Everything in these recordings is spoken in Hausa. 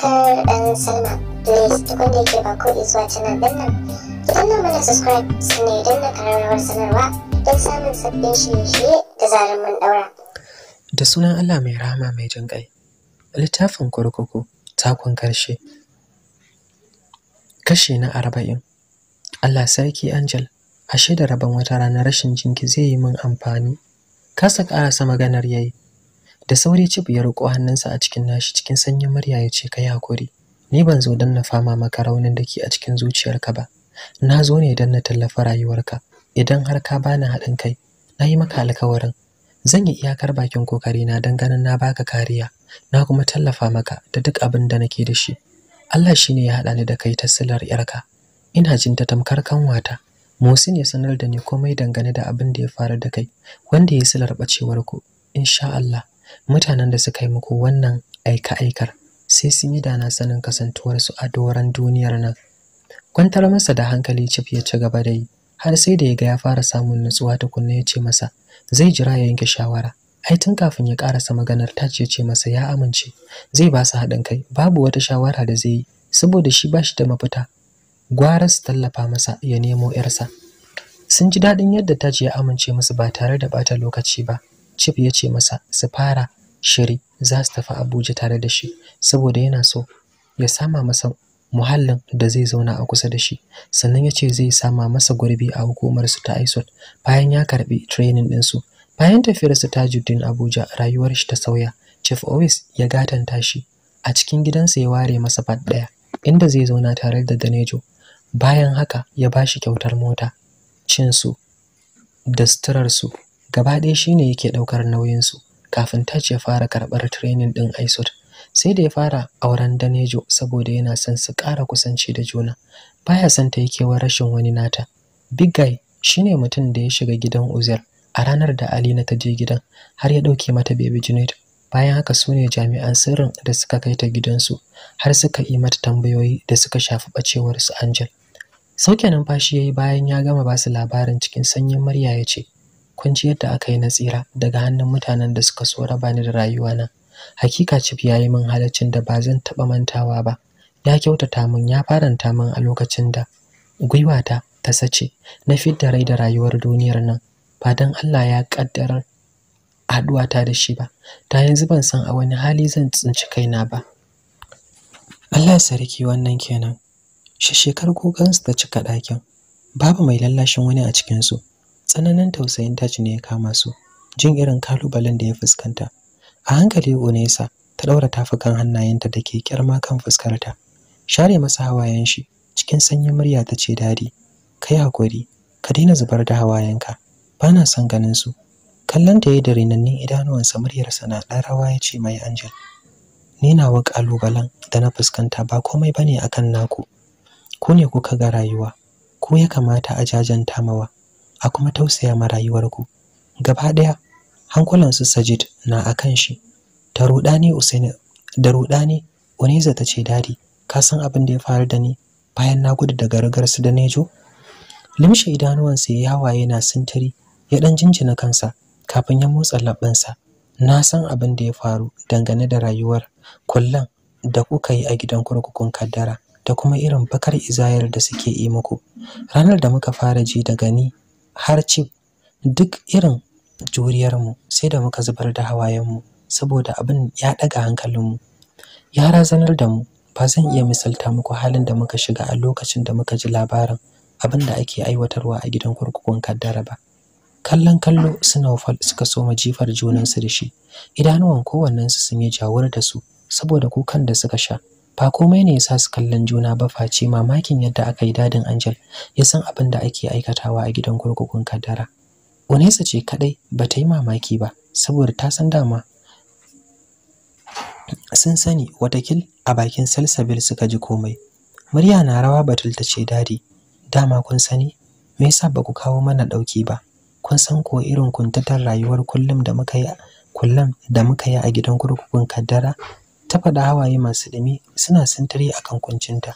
subscribe and sign up. Please ke subscribe sanarwa don samun sabbin da sunan Allah mai rahama mai jin ƙai. Littafin kurkuku takon karshe. kashe na arba'in. Allah sarki Angel, ashe da rabon wata ranar rashin jinki zai yi mun amfani. Kasa ƙarasa maganar yayi da sauri cif ya riko hannunsa a cikin nashi cikin sanyin murya ya ce kai hakuri ni ban zo don na fama maka raunin da ke a cikin zuciyarka ba na zo ne don na tallafa rayuwarka idan har ka bani haɗin kai na yi maka alkawarin zan yi iyakar bakin kokari na don ganin na baka kariya na kuma tallafa maka da duk abin da nake da shi Allah shine ya haɗa ni da kai ta silar yarka ina jin ta tamkar kanwata Musin ya sanar da ni komai dangane da abin da ya faru da kai wanda ya silar bacewar ku insha Allah mutanen da suka yi muku wannan aika-aikar sai sun yi dana sanin kasantuwar su a doron duniyar nan kwantar masa da hankali cif ya ci gaba da yi har sai da ya ga ya fara samun nutsuwa ta kunne ya ce masa zai jira ya yanke shawara ai tun kafin ya karasa maganar ta ce ce masa ya amince zai ba su haɗin kai babu wata shawara da zai yi saboda shi ba shi da mafita gwara su tallafa masa ya nemo 'yarsa sun ji daɗin yadda ta ce ya amince musu ba tare da ɓata lokaci ba Chief ya ce masa su fara shiri za su tafi Abuja tare da shi saboda yana so ya sama masa muhallin da zai zauna a kusa da shi sannan ya ce zai sama masa gurbi a hukumar su ta ISOT bayan ya karbi training din su bayan tafiyar su Tajuddin Abuja rayuwar shi ta sauya Chief Owis ya gatanta shi a cikin gidansa ya ware masa bat daya inda zai zauna tare da Danejo bayan haka ya bashi kyautar mota cin su da suturar su gaba ɗaya shi ne yake ɗaukar nauyinsu kafin ta ce fara karɓar trenin ɗin ISOT, Sai da ya fara auren Danejo saboda yana son su ƙara kusanci da juna. Baya son ta yi kewar rashin wani nata. Big Guy shi ne mutum da ya shiga gidan Uzair a ranar da Alina ta je gidan har ya ɗauke mata Baby Junaid. Bayan haka su ne jami'an sirrin da suka kai ta gidansu har suka yi mata tambayoyi da suka shafi ɓacewarsu Angel. Sauke numfashi ya yi bayan ya gama ba su labarin cikin sanyin murya ya ce, kun ci yadda aka yi na tsira daga hannun mutanen da suka so raba ni da rayuwana hakika cif ya yi min halaccin da ba zan taɓa mantawa ba ya kyautata min ya faranta min a lokacin da gwiwata ta sace na fidda rai da rayuwar duniyar nan ba don Allah ya ƙaddarar haɗuwata da shi ba ta yanzu ban san a wani hali zan tsinci kaina ba Allah sarki wannan kenan shekar kokansu da cika ɗakin babu mai lallashin wani a cikinsu tsananin tausayin taci ne ya kama su jin irin kalubalen da ya fuskanta a hankali Unesa, ta daura tafukan hannayenta da ke kyarma kan fuskarta share masa hawayen shi cikin sanyin murya ta ce dadi kai hakuri ka daina zubar da hawayenka Ba na son ganin su kallon ta yayi da rinannin idanuwansa muryarsa na ɗan rawa ya ce mai angel ni nawa kalubalen da na fuskanta ba komai bane akan naku ku ne kuka ga rayuwa ko ya kamata a jajanta mawa a kuma tausaya ma rayuwarku gaba ɗaya hankulansu sajid na akan shi ta rudani usaini da ruɗani uniza ta ce dadi ka san abin da ya faru da ni bayan na gudu daga rigar su da nejo limshe sa ya waye na sintiri ya dan jinjina kansa kafin ya motsa labbansa na san abin da ya faru dangane da rayuwar kullan da kuka yi a gidan kurkukun kaddara da kuma irin bakar izayar da suke yi muku ranar da muka fara ji daga ni har cif duk irin juriyarmu sai da muka zubar da hawayenmu saboda abin ya ɗaga hankalinmu ya razanar da mu ba zan iya misalta muku halin da muka shiga a lokacin da muka ji labarin abin da ake aiwatarwa a gidan kurkukun kaddara ba kallon kallo snowfall suka soma jifar junansu da shi idanuwan kowannensu sun yi jawur da su saboda kukan da suka sha ba komai ne yasa su kallon juna ba face mamakin yadda aka yi dadin Angel ya san abin da ake aikatawa a gidan kurkukun kaddara. Unesa ce kadai ba ta yi mamaki ba saboda ta san dama sun sani watakil a bakin salsabil suka ji komai. Murya na rawa batul ta ce dadi dama kun sani me yasa ba ku kawo mana dauki ba kun san ko irin kuntatar rayuwar kullum da muka yi kullum da muka yi a gidan kurkukun kaddara ta faɗa hawaye masu ɗumi suna sintiri kan kuncinta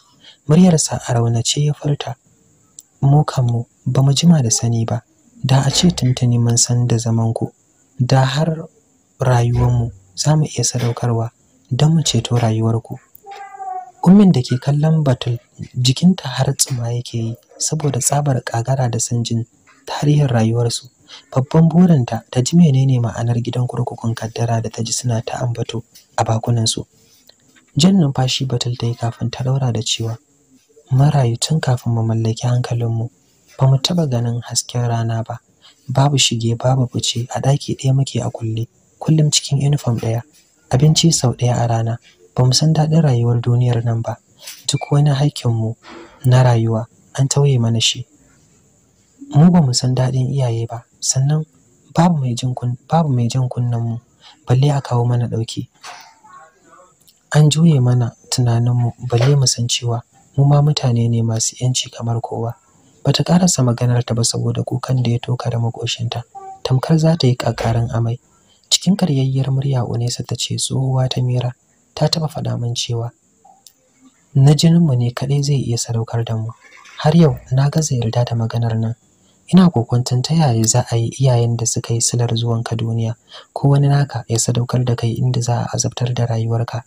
muryarsa a raunace ya furta mu kanmu ba mu jima da sani ba da a ce tuntuni mun san da ku da har rayuwar mu za mu iya sadaukarwa don mu ceto rayuwarku ummin da ke kallon batul jikinta har tsima yake yi saboda tsabar kagara da sanjin tarihin rayuwarsu babban burinta ta ji menene ma'anar gidan kurkukun kaddara da ta ji suna ta ambato a su. jan numfashi batul ta yi kafin ta laura da cewa marayu tun kafin mu mallaki hankalinmu ba mu taɓa ganin hasken rana ba babu shige babu fice a ɗaki ɗaya muke a kulle kullum cikin uniform ɗaya abinci sau ɗaya a rana ba mu san daɗin rayuwar duniyar nan ba duk wani haƙƙinmu na rayuwa an tauye mana shi mu ba mu san daɗin iyaye ba sannan babu mai jin babu mai kunnan mu balle a kawo mana ɗauki an juye mana tunanin mu balle mu san cewa mu ma mutane ne masu yanci kamar kowa bata karasa maganar ta ba saboda kukan da ya toka da makoshinta tamkar za ta yi kakarin amai cikin karyayyar murya Unesa ta ce tsohuwa ta mira ta taba faɗa min cewa na jinin mu ne kaɗai zai iya sadaukar da mu har yau na gaza yarda da maganar nan ina kokwantan ta yaya za a yi iyayen da suka yi silar zuwanka duniya ko wani naka ya sadaukar da kai inda za a azabtar da rayuwarka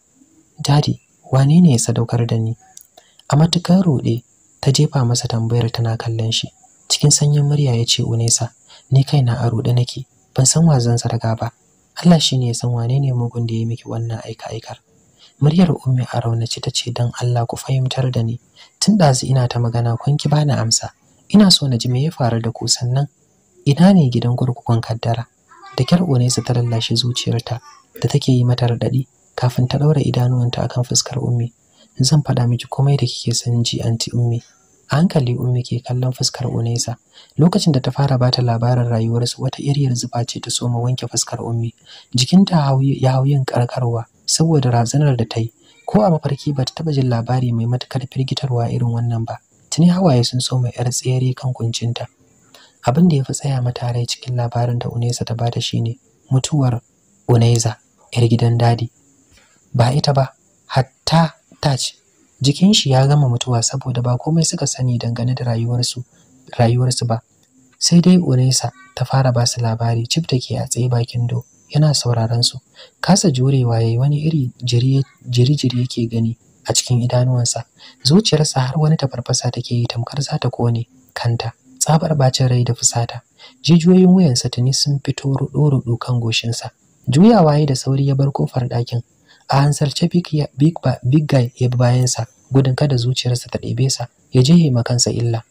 dadi wane ne ya sadaukar da ni a matukar rude, ta jefa masa tambayar tana kallon shi cikin sanyin murya ya ce unesa ni kaina a rude nake ban san wa zan sarga ba Allah shi ne ya san wane ne mugun da ya miki wannan aika aikar muryar ummi a raunace ta ce don Allah ku fahimtar da ni tun ɗazu ina ta magana kun ki bani amsa ina so na ji me ya faru da ku sannan ina ne gidan kurkukun kaddara da kyar Onesa ta lallashe zuciyarta da take yi mata radadi kafin ta daura idanuwanta akan fuskar Ummi zan faɗa miki komai da kike sanin ji anti Ummi a hankali Ummi ke kallon fuskar unesa lokacin da ta fara ba ta labarin rayuwarsu wata iriyar zuba ce ta soma wanke fuskar Ummi jikinta ya hau yin karkarwa saboda razanar da ta yi ko a mafarki ba ta taɓa jin labari mai matukar firgitarwa irin wannan ba tuni hawaye sun so mai yar tsere kan kuncinta abin da ya fi tsaya mata rai cikin labarin da Unesa ta bada shine mutuwar Uneza yar gidan dadi ba ita ba hatta Taj jikin shi ya gama mutuwa saboda ba komai suka sani dangane da rayuwarsu rayuwarsu ba sai dai Unesa ta fara ba su labari cif da ke a tsaye bakin do yana sauraron su kasa jurewa yayi wani iri jiri jiri yake gani a cikin idanuwansa zuciyarsa har wani tafarfasa take yi tamkar za ta kone kanta tsabar bacin rai da fusata jijiyoyin wuyansa tuni sun fito ruɗu-ruɗu kan goshinsa juyawa ya da sauri ya bar kofar ɗakin a hansarce big guy ya bi bayansa gudun kada zuciyarsa ta ɗebe sa ya je yi kansa illa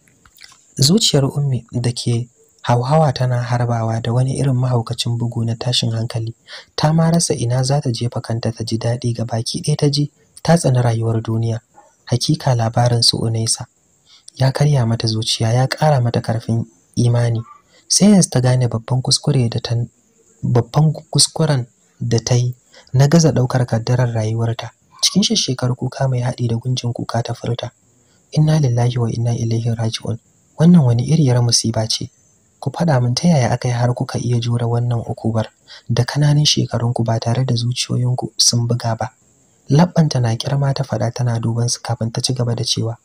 zuciyar ummi da ke hauhawa tana harbawa da wani irin mahaukacin bugu na tashin hankali ta ma rasa ina za ta jefa kanta ta ji daɗi ga baki ɗaya ta ji ta tsani rayuwar duniya hakika labarin su Unaisa ya karya mata zuciya ya ƙara mata karfin imani sai yanzu ta gane babban kuskure da ta kuskuren da ta yi na gaza ɗaukar kaddarar rayuwarta cikin shekar kuka mai haɗi da gunjin kuka ta furta inna lillahi wa inna ilaihi raji'un wannan wani iriyar musiba ce ku faɗa min ta yaya aka yi har kuka iya jure wannan ukubar da kananan shekarunku ba tare da zuciyoyinku sun buga ba labbanta na kirma ta faɗa tana duban su kafin ta ci gaba da cewa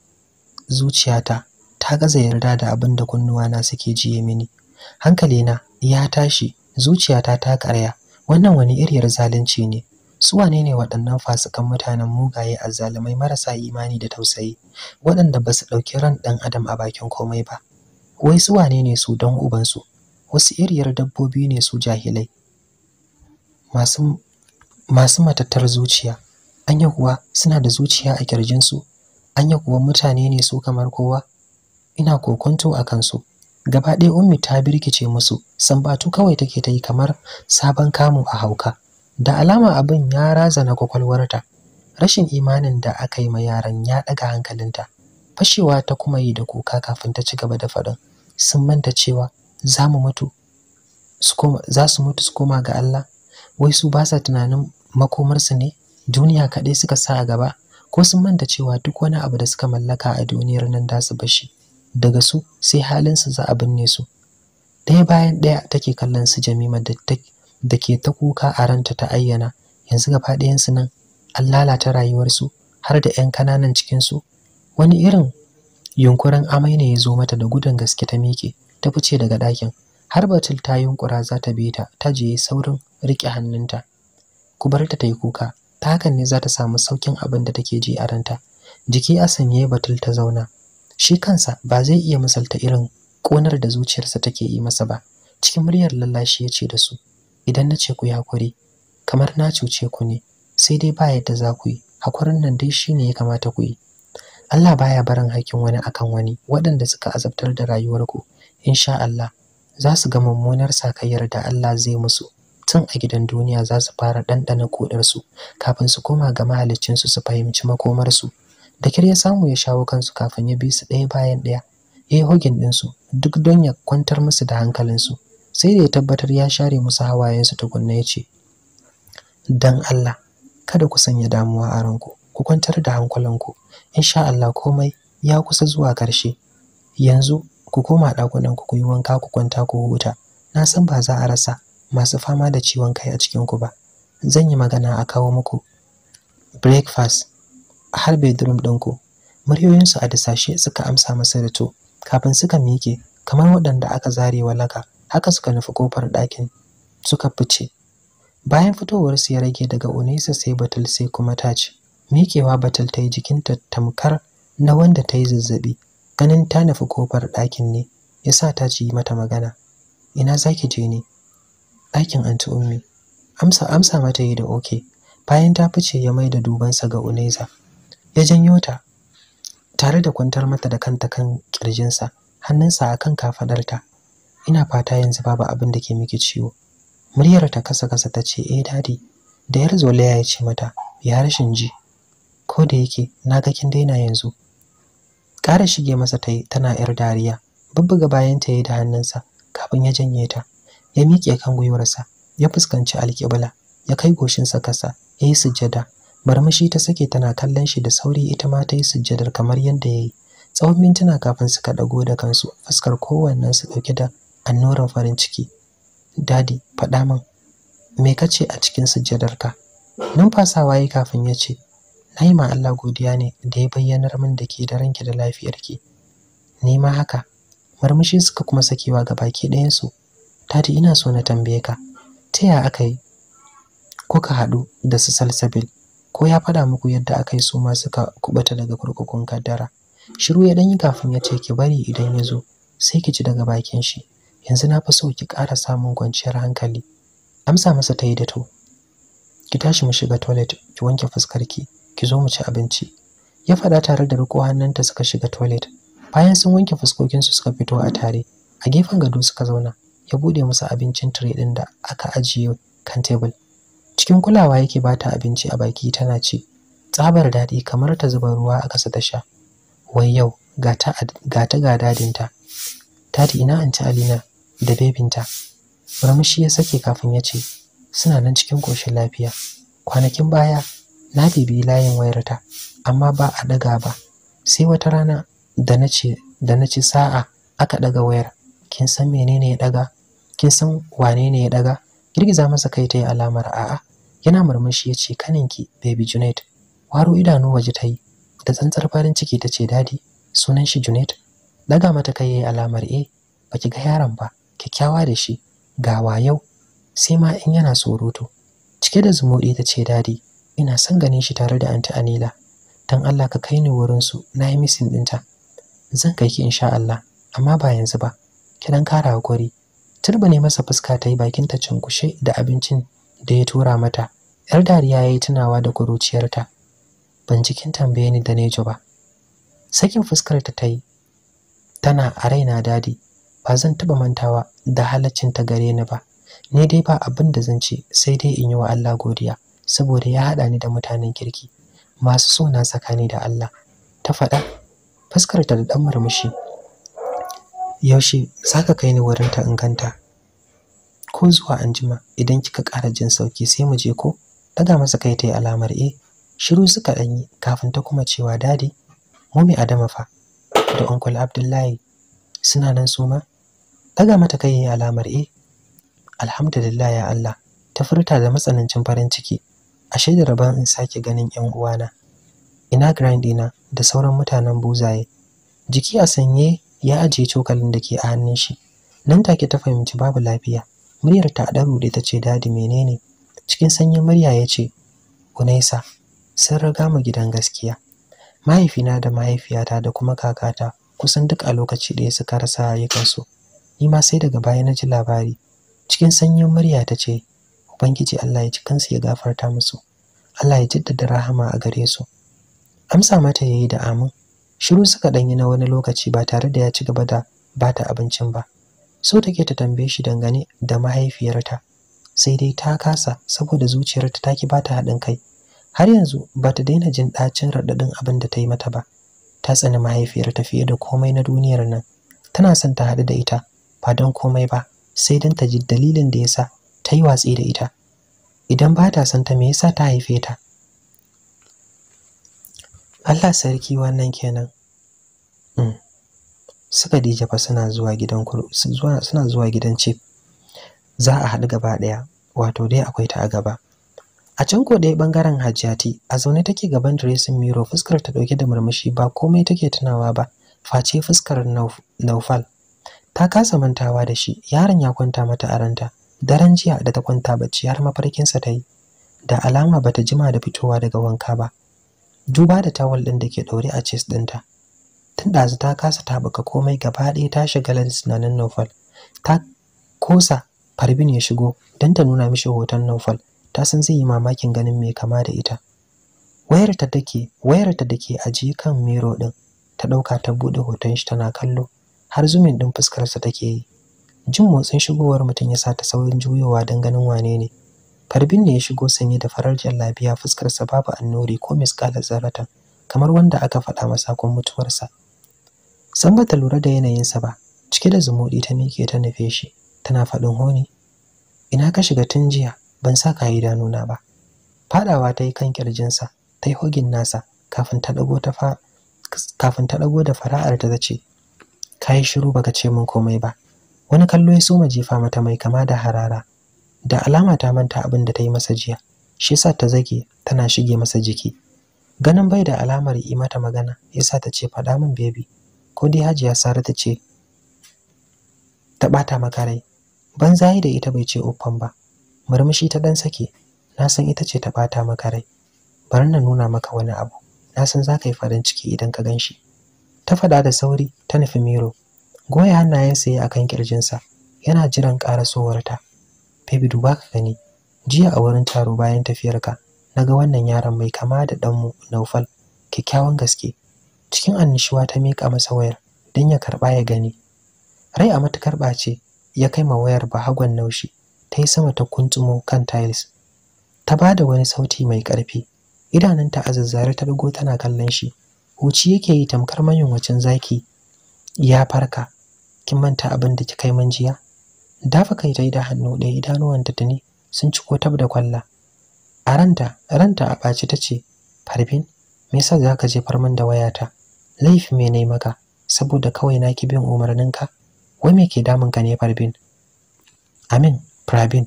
zuciyata ta gaza yarda da abin da kunnuwana suke jiye mini hankalina ya tashi zuciyata ta karya wannan wani iriyar zalunci ne su wane ne waɗannan fasikan mutanen mugaye azzalumai marasa imani da tausayi waɗanda ba su ɗauki ran ɗan adam a bakin komai ba wai su wane ne su don ubansu wasu iriyar dabbobi ne su jahilai masu matattar zuciya anya kuwa suna da zuciya a kirjinsu anya kuwa mutane ne su kamar kowa ina kokonto a kansu gaba ɗaya ummi ta birkice musu sambatu kawai take ta yi kamar sabon kamu a hauka da alama abin ya razana kwakwalwarta rashin imanin da aka yi ma yaran ya ɗaga hankalinta fashewa ta kuma yi da kuka kafin ta ci gaba da faɗin sun manta cewa za mu mutu za su mutu su koma ga Allah wai su ba sa tunanin makomarsu ne duniya kaɗai suka sa a gaba ko sun manta cewa duk wani abu da suka mallaka a duniyar nan da su bashi daga su sai halin su za a binne su ɗaya bayan ɗaya take kallon su jamima da ke ta kuka a ranta ta ayyana yanzu gaba ɗayansu nan an lalata rayuwarsu har da 'yan kananan cikinsu wani irin yunkurin amai ne ya zo mata da gudun gaske ta miƙe ta fice daga ɗakin har batul ta yunkura za ta bi ta ta je saurin riƙe hannunta ku bar ta ta yi kuka ta hakan ne za ta samu saukin abin da take ji a ranta jiki a sanye batul ta zauna shi kansa ba zai iya misalta irin konar da zuciyarsa take yi masa ba cikin muryar lallashi ya ce da su idan na ce ku ya hakuri kamar na cuce ku ne sai dai ba yadda za ku yi hakurin nan dai shi ne ya kamata ku yi Allah baya barin hakkin wani akan wani waɗanda suka azabtar da rayuwarku insha Allah za su ga mummunar sakayyar da Allah zai musu tun a gidan duniya za su fara ɗanɗana kodarsu kafin su koma ga mahaliccinsu su fahimci makomarsu da kyar ya samu ya shawo kansu kafin ya bi su ɗaya bayan ɗaya ya yi hogin ɗinsu duk don ya kwantar musu da hankalinsu sai da ya tabbatar ya share musu hawayensu tukunna ya ce don Allah kada ku sanya damuwa a ranku ku kwantar da hankulanku insha Allah komai ya kusa zuwa ƙarshe yanzu ku koma ɗakunanku ku yi wanka ku kwanta ku huta na san ba za a rasa masu fama da ciwon kai a cikinku ba zan yi magana a kawo muku breakfast har bedroom ɗinku muryoyinsu a dasashe suka amsa masa da to kafin suka miƙe kamar waɗanda aka zare walaka haka suka nufi kofar ɗakin suka fice bayan fitowarsu ya rage daga unesa, sai batul sai kuma ta ce miƙewa batul ta yi jikinta tamkar na wanda ta yi zazzaɓi ganin ta nufi kofar ɗakin ne ya sa ta ci mata magana ina za ki je ne ɗakin anti ummi amsa amsa mata yi da oke bayan ta fice ya mai da dubansa ga uneza ya janyo ta tare da kwantar mata da kanta kan kirjinsa hannunsa akan kafadarta ina fata yanzu babu abin da ke miki ciwo muryar ta kasa kasa ta ce eh dadi da yar zolaya ya ce mata ya rashin ji ko da yake na ga kin daina yanzu ƙara shige masa ta yi tana yar dariya bubbuga bayanta ya yi da hannunsa kafin ya janye ta ya miƙe kan gwiwarsa ya fuskanci alƙibla ya kai goshinsa kasa ya yi sujjada barmashi ta sake tana kallon shi da sauri ita ma ta yi sujjadar kamar yadda ya yi tsawon mintuna kafin suka ɗago da kansu fuskar kowannen su ɗauke da annoran farin ciki dadi faɗa min me ka ce a cikin sujjadarka numfasawa yi kafin ya ce na yi ma Allah godiya ne da ya bayyanar min da ke da ranki da lafiyarki ni ma haka murmushi suka kuma sakewa ga baki ɗayansu Tadi ina so na tambaye ka, ta ya aka yi kuka haɗu da su salsabil? Ko ya faɗa muku yadda aka yi suma suka kuɓata daga kurkukun kaddara? Shiru ya yi kafin ya ce ki bari idan ya zo, sai ki ci daga bakin shi. Yanzu na fi so ki ƙara samun kwanciyar hankali. Amsa masa ta yi da to. Ki tashi mu shiga toilet, ki wanke fuskar ki Ki zo mu ci abinci. Ya faɗa tare da riko hannunta suka shiga toilet. Bayan sun wanke fuskokinsu suka fito a tare, a gefen gado suka zauna. ya bude musu abincin tire din da aka ajiye kan tebul cikin kulawa yake bata abinci a baki tana ce. tsabar daɗi kamar ta zuba ruwa a kasa ta sha wai yau ga ta ga dadinta tati ina an alina da bebinta murmushi ya sake kafin ya ce suna nan cikin ƙoshin lafiya kwanakin baya na bibi layin wayarta amma ba a daga ba sai wata rana da na ce da na ci sa'a aka ɗaga wayar kin san menene ya ɗaga kin san wane ne ya daga girgiza masa kai ta yi alamar a'a yana murmushi ya ce kaninki baby junaid waro idanu waje ta yi da tsantsar farin ciki ta ce dadi sunan shi junaid daga mata kai ya yi alamar e eh, baki ga yaron ba kyakkyawa da shi ga yau? sai ma in yana surutu cike da zumuɗi ta ce dadi ina son ganin shi tare da anti anila dan allah ka kai ni wurinsu na yi misin ɗinta zan kai ki insha allah amma ba yanzu ba ki dan kara hakuri Turba turbine masa fuska ta yi bakin ta cinkushe da abincin da ya tura mata yar dariya ya yi tunawa da kuruciyarta ban cikin tambaye ni da nejo ba sakin fuskar ta ta yi tana a raina dadi ba zan taɓa mantawa da halaccin ta gare ni ba ni dai ba abin da zan ce sai dai in yi wa Allah godiya saboda ya haɗa ni da mutanen kirki masu so na tsakani da Allah ta faɗa fuskar ta da ɗan murmushi yaushe za ka kai ni ta in ganta ko zuwa anjima idan kika ƙara jin sauki sai mu je ko daga masa kai ta yi alamar e shiru suka yi kafin ta kuma cewa dadi Mu mai adama fa da uncle abdullahi suna nan su ma daga mata kai yi alamar e alhamdulillah ya allah ta furta da matsanancin farin ciki a da rabon in sake ganin yan uwana ina grandina? da sauran mutanen buzaye jiki a sanye ya ajiye cokalin da ke a hannun shi nan take ta fahimci babu lafiya muryar ta dan rude ta ce dadi menene cikin sanyin murya ya ce unaisa sun riga mu gidan gaskiya mahaifina da mahaifiyata da kuma kakata kusan duk a lokaci ɗaya suka rasa ayyukansu ni ma sai daga baya na ji labari cikin sanyin murya ta ce ubangiji Allah ya ci kansu ya gafarta musu Allah ya jaddada rahama a gare su amsa mata ya yi da amin shiru suka yi na wani lokaci ba tare da ya ci gaba da bata abincin ba so take ta tambaye shi dangane da mahaifiyarta sai dai ta kasa saboda zuciyarta ta ki bata haɗin kai har yanzu ba ta daina jin ɗacin raɗaɗin abin da ta yi mata ba ta tsani mahaifiyarta fiye da komai na duniyar nan tana son ta haɗu da ita ba don komai ba sai don ta ji dalilin da yasa ta yi watsi da ita idan ba ta son ta me yasa ta haife ta Allah sarki wannan kenan mm. su Khadija fa suna zuwa gidan suna zuwa gidan chief za a haɗu gaba ɗaya wato dai akwai ta a gaba a can ko dai bangaren Hajjati a zaune take gaban dressing mirror fuskar ta dauke da murmushi ba komai take tunawa ba face fuskar Naufal ta kasa mantawa da shi yaron ya kwanta mata a ranta daren jiya da ta kwanta bacci har mafarkinsa ta yi da alama bata jima da fitowa daga wanka ba duba da tawul ɗin da ke ɗaure a chest ɗinta tun ɗazu ta kasa taɓuka komai gaba ɗaya ta shiga da tunanin naufal ta kosa farbin ya shigo don ta nuna mishi hoton naufal ta san zai yi mamakin ganin mai kama da ita wayar ta take wayar ta dake ajiye kan miro ɗin ta ɗauka ta buɗe hoton shi tana kallo har zumin ɗin fuskarsa take yi jin motsin shigowar mutum ya sa ta saurin juyowa don ganin wane ne Karbin ne ya shigo sanye da farar jallabiya fuskarsa babu annuri ko miskalar zaratan kamar wanda aka faɗa masa kun mutuwarsa. San bata lura da yanayinsa ba, cike da zumuɗi ta miƙe ta nufe shi, tana faɗin honi. Ina ka shiga tun jiya, ban sa ka nuna ba. Faɗawa ta yi kan ƙirjinsa, ta yi hogin nasa, kafin ta ɗago ta fa kafin ta ɗago da fara'ar ta ce, Ka yi shiru baka ce min komai ba. Wani kallo ya soma jifa mata mai kama da harara, da alama ta manta abin da ta yi masa jiya shi yasa ta zage tana shige masa jiki ganin bai da alamar yi mata magana yasa ta ce faɗa min baby ko dai hajiya sara ta ce ta ɓata maka rai ban zayi da ita bai ce uffan ba murmushi ta ɗan sake na san ita ce ta ɓata maka rai bari na nuna maka wani abu na san za ka yi farin ciki idan ka gan shi ta faɗa da sauri ta nufi miro goya hannayensa ya akan kirjinsa yana jiran ƙarasowarta baby ba ka gani jiya a wurin taro bayan tafiyarka naga wannan yaron mai kama da ɗanmu Naufal kyakkyawan gaske cikin annishuwa ta miƙa masa wayar don ya karɓa ya gani rai a matukar ɓace ya kai ma wayar bahagon naushi ta yi sama ta kuntsumo kan tiles ta ba da wani sauti mai ƙarfi idanunta a zazzare ta rigo tana kallon shi huci yake yi tamkar mayunwacin zaki ya farka kin manta abin da kika yi min jiya dafa kai ta da hannu ɗaya idanuwanta tuni sun ci ko tab da kwalla a ranta ranta a ɓaci ta ce farbin me yasa za ka jefar min da wayata laifi me ne maka saboda kawai na ki bin umarninka wai me ke damun ka ne farbin amin Pravin,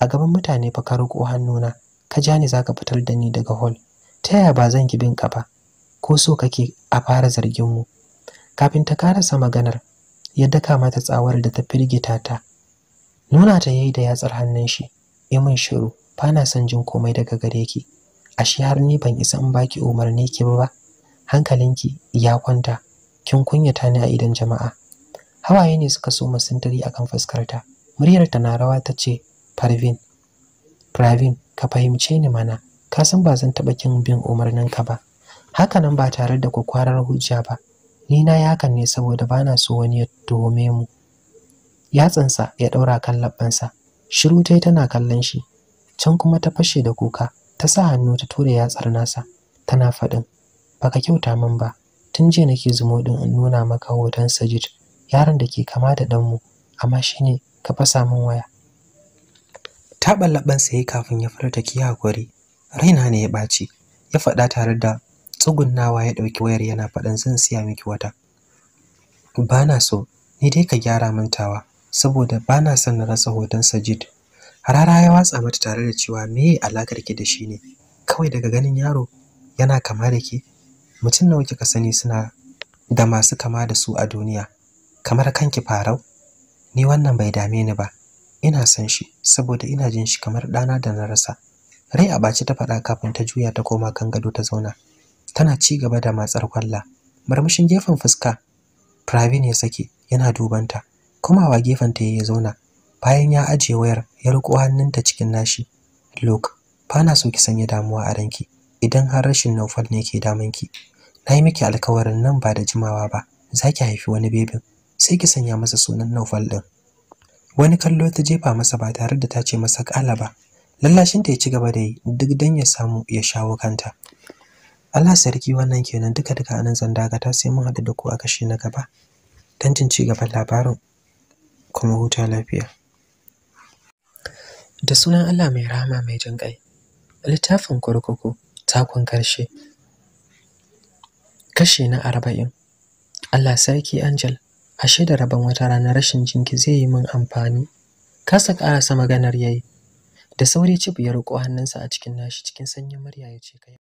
a gaban mutane fa ka roƙo hannuna, ka ja ni zaka fitar da ni daga hall. Ta yaya ba zan ki bin ka ba? Ko so kake a fara zargin mu? Kafin ta karasa maganar, ya daka mata tsawar da ta firgita ta, nuna ta yayi da yatsar hannun shi ya min shiru ba na son jin komai daga gare ki ashe har ni ban isa in baki umarni ki ba ba? hankalinki ya kwanta kin kunyata ni a idan jama'a hawaye ne suka so sintari akan fuskarta muryar ta na rawa ta ce parvin Parvin, ka fahimce ni mana ka san ba zan taɓa kin bin umarnin ka ba hakanan ba tare da kwakwarar hujja ba ni na yakan ne saboda bana so wani ya tuhume mu yatsansa ya ɗaura kan labbansa shiru ta tana kallon shi can kuma ta fashe da kuka ta sa hannu ta tura yatsar nasa tana faɗin baka kyauta min ba tun jiya nake zumo din in nuna maka hoton sajid yaron da ke kama da ɗanmu amma shine ka fasa min waya taɓa labbansa ya kafin ya furta ki hakuri raina ne ya ɓaci ya faɗa tare da tsugunnawa ya ɗauki wayar yana faɗin zan siya miki wata ba na so ni dai ka gyara mintawa saboda ba na son na rasa hoton Sajid. Harara ya watsa mata tare da cewa me alakar ki da shi ne? Kawai daga ganin yaro yana kama da ke? Mutum nawa kika sani suna da masu kama da su a duniya? Kamar kanki farau? Ni wannan bai dame ni ba. Ina son shi saboda ina jin shi kamar ɗana da na rasa. Rai a baci ta faɗa kafin ta juya ta koma kan gado ta zauna. Tana ci gaba da matsar kwalla. Marmashin gefen fuska Pravin ya sake yana dubanta. komawa gefen ta ya zauna bayan ya ajiye wayar ya riko hannunta cikin nashi look bana so ki sanya damuwa a ranki idan har rashin naufal ne ke damunki na yi miki alkawarin nan ba da jimawa ba za ki haifi wani bebin sai ki sanya masa sunan naufal ɗin wani kallo ta jefa masa ba tare da ta ce masa ƙala ba lallashinta ya ci gaba da yi duk dan ya samu ya shawo kanta Allah sarki wannan kenan duka duka anan zan dakata sai mun haɗu da ku a kashi na gaba Dancin jin ci gaban labarin kuma huta lafiya da sunan Allah mai rahama mai jin ƙai littafin kurkuku takon ƙarshe, kashe na arba'in Allah sarki Angel ashe da rabon wata ranar rashin jinki zai yi min amfani kasa ƙarasa maganar yayi da sauri cibiyar ya riƙo hannunsa a cikin nashi cikin sanyin murya ya ce kai